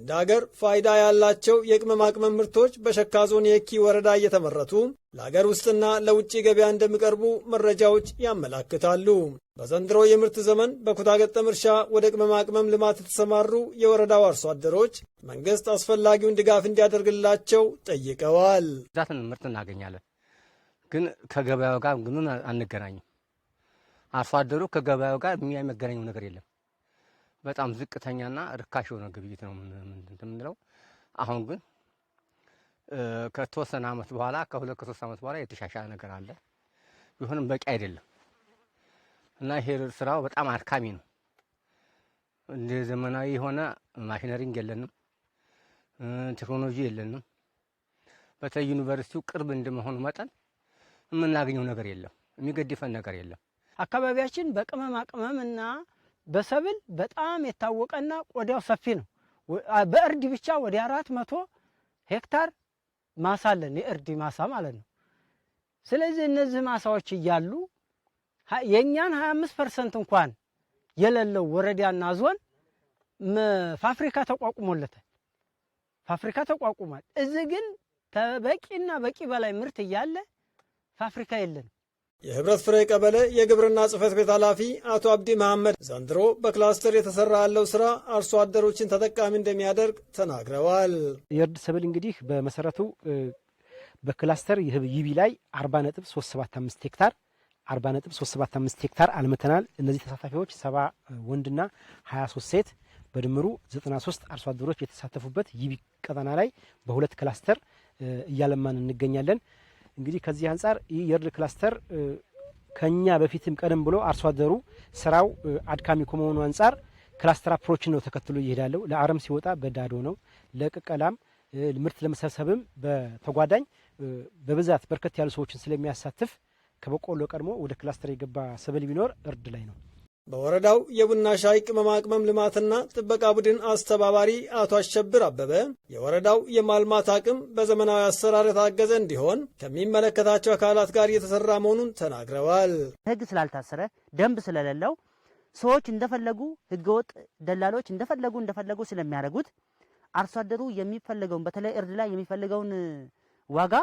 እንደ አገር ፋይዳ ያላቸው የቅመማ ቅመም ምርቶች በሸካ ዞን የኪ ወረዳ እየተመረቱ ለአገር ውስጥና ለውጭ ገበያ እንደሚቀርቡ መረጃዎች ያመላክታሉ። በዘንድሮ የምርት ዘመን በኩታገጠም እርሻ ወደ ቅመማ ቅመም ልማት የተሰማሩ የወረዳው አርሶ አደሮች መንግስት አስፈላጊውን ድጋፍ እንዲያደርግላቸው ጠይቀዋል። ዛትን ምርት እናገኛለን፣ ግን ከገበያው ጋር ምንም አንገናኝም። አርሶ አደሩ ከገበያው ጋር የሚያመገናኘው ነገር የለም። በጣም ዝቅተኛና ርካሽ የሆነ ግብይት ነው የምንለው። አሁን ግን ከተወሰነ ዓመት በኋላ ከሁለት ከሶስት ዓመት በኋላ የተሻሻለ ነገር አለ። ቢሆንም በቂ አይደለም እና ይሄ ስራው በጣም አድካሚ ነው። እንደ ዘመናዊ የሆነ ማሽነሪንግ የለንም፣ ቴክኖሎጂ የለንም። በተለይ ዩኒቨርሲቲው ቅርብ እንደመሆኑ መጠን የምናገኘው ነገር የለም፣ የሚገድፈን ነገር የለም። አካባቢያችን በቅመማ ቅመም እና በሰብል በጣም የታወቀና ቆዳው ሰፊ ነው። በእርድ ብቻ ወደ አራት መቶ ሄክታር ማሳ አለን፣ የእርድ ማሳ ማለት ነው። ስለዚህ እነዚህ ማሳዎች እያሉ የእኛን 25 ፐርሰንት እንኳን የሌለው ወረዳና ዞን ፋብሪካ ተቋቁሞለታል። ፋብሪካ ተቋቁሟል። እዚህ ግን ከበቂና በቂ በላይ ምርት እያለ ፋብሪካ የለንም። የህብረት ፍሬ ቀበሌ የግብርና ጽህፈት ቤት ኃላፊ አቶ አብዲ መሐመድ ዘንድሮ በክላስተር የተሰራ ያለው ስራ አርሶ አደሮችን ተጠቃሚ እንደሚያደርግ ተናግረዋል። የእርድ ሰብል እንግዲህ በመሰረቱ በክላስተር ይቢ ላይ 4375 ሄክታር 4375 ሄክታር አልምተናል። እነዚህ ተሳታፊዎች 7 ወንድና 23 ሴት በድምሩ 93 አርሶ አደሮች የተሳተፉበት ይቢ ቀጠና ላይ በሁለት ክላስተር እያለማን እንገኛለን። እንግዲህ ከዚህ አንጻር ይህ የእርድ ክላስተር ከኛ በፊትም ቀደም ብሎ አርሶ አደሩ ስራው አድካሚ ከመሆኑ አንጻር ክላስተር አፕሮችን ነው ተከትሎ ይሄዳለው። ለአረም ሲወጣ በዳዶ ነው፣ ለቅቀላም ምርት ለመሰብሰብም በተጓዳኝ በብዛት በርከት ያሉ ሰዎችን ስለሚያሳትፍ ከበቆሎ ቀድሞ ወደ ክላስተር የገባ ሰብል ቢኖር እርድ ላይ ነው። በወረዳው የቡና ሻይ ቅመማ ቅመም ልማትና ጥበቃ ቡድን አስተባባሪ አቶ አሸብር አበበ የወረዳው የማልማት አቅም በዘመናዊ አሰራር የታገዘ እንዲሆን ከሚመለከታቸው አካላት ጋር እየተሰራ መሆኑን ተናግረዋል። ሕግ ስላልታሰረ ደንብ ስለሌለው ሰዎች እንደፈለጉ ሕገወጥ ደላሎች እንደፈለጉ እንደፈለጉ ስለሚያደርጉት አርሶ አደሩ የሚፈልገውን በተለይ እርድ ላይ የሚፈልገውን ዋጋ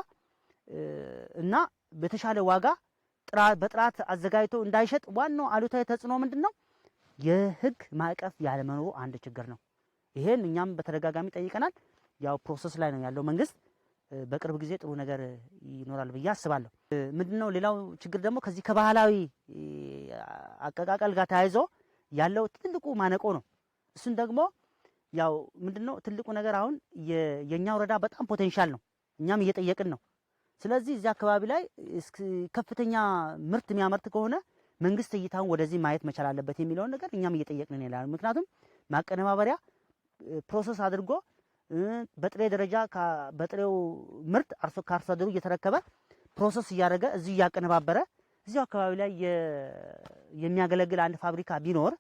እና በተሻለ ዋጋ በጥራት አዘጋጅቶ እንዳይሸጥ ዋናው አሉታዊ ተጽዕኖ ምንድን ነው? የህግ ማዕቀፍ ያለመኖሩ አንድ ችግር ነው። ይሄን እኛም በተደጋጋሚ ጠይቀናል። ያው ፕሮሰስ ላይ ነው ያለው መንግስት። በቅርብ ጊዜ ጥሩ ነገር ይኖራል ብዬ አስባለሁ። ምንድን ነው ሌላው ችግር ደግሞ ከዚህ ከባህላዊ አቀቃቀል ጋር ተያይዞ ያለው ትልቁ ማነቆ ነው። እሱን ደግሞ ያው ምንድን ነው ትልቁ ነገር አሁን የእኛ ወረዳ በጣም ፖቴንሻል ነው። እኛም እየጠየቅን ነው ስለዚህ እዚህ አካባቢ ላይ ከፍተኛ ምርት የሚያመርት ከሆነ መንግስት እይታውን ወደዚህ ማየት መቻል አለበት የሚለውን ነገር እኛም እየጠየቅን ይላል። ምክንያቱም ማቀነባበሪያ ፕሮሰስ አድርጎ በጥሬ ደረጃ በጥሬው ምርት ከአርሶ አደሩ እየተረከበ ፕሮሰስ እያደረገ እዚሁ እያቀነባበረ እዚሁ አካባቢ ላይ የሚያገለግል አንድ ፋብሪካ ቢኖር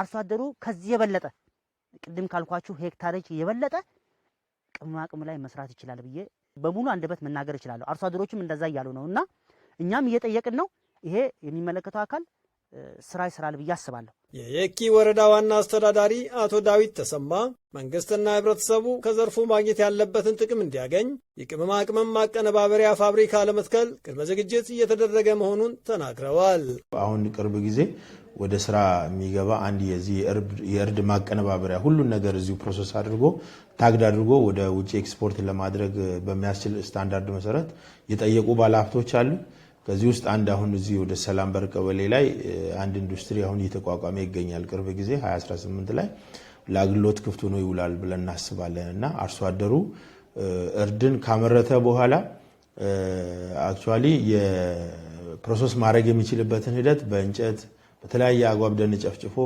አርሶ አደሩ ከዚህ የበለጠ ቅድም ካልኳችሁ ሄክታሬች የበለጠ ቅመማ ቅመም ላይ መስራት ይችላል ብዬ በሙሉ አንደበት መናገር እችላለሁ። አርሶ አደሮችም እንደዛ እያሉ ነው እና እኛም እየጠየቅን ነው። ይሄ የሚመለከተው አካል ስራ ይስራል ብዬ አስባለሁ። የየኪ ወረዳ ዋና አስተዳዳሪ አቶ ዳዊት ተሰማ መንግስትና ህብረተሰቡ ከዘርፉ ማግኘት ያለበትን ጥቅም እንዲያገኝ የቅመማ ቅመም ማቀነባበሪያ ፋብሪካ ለመትከል ቅድመ ዝግጅት እየተደረገ መሆኑን ተናግረዋል። አሁን ቅርብ ጊዜ ወደ ስራ የሚገባ አንድ የዚህ የእርድ ማቀነባበሪያ ሁሉን ነገር እዚሁ ፕሮሰስ አድርጎ ታግድ አድርጎ ወደ ውጭ ኤክስፖርት ለማድረግ በሚያስችል ስታንዳርድ መሰረት የጠየቁ ባለሀብቶች አሉ። ከዚህ ውስጥ አንድ አሁን እዚህ ወደ ሰላም በር ቀበሌ ላይ አንድ ኢንዱስትሪ አሁን እየተቋቋመ ይገኛል። ቅርብ ጊዜ 2018 ላይ ለአግሎት ክፍት ሆኖ ይውላል ብለን እናስባለን እና አርሶ አደሩ እርድን ካመረተ በኋላ አክቹዋሊ የፕሮሰስ ማድረግ የሚችልበትን ሂደት በእንጨት በተለያየ አግባብ ደን ጨፍጭፎ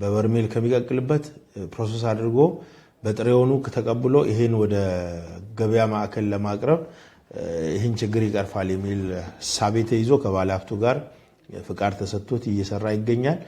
በበርሜል ከሚቀቅልበት ፕሮሰስ አድርጎ በጥሬውኑ ተቀብሎ ይህን ወደ ገበያ ማዕከል ለማቅረብ ይህን ችግር ይቀርፋል የሚል ሳቤ ተይዞ ከባለሀብቱ ጋር ፍቃድ ተሰጥቶት እየሰራ ይገኛል።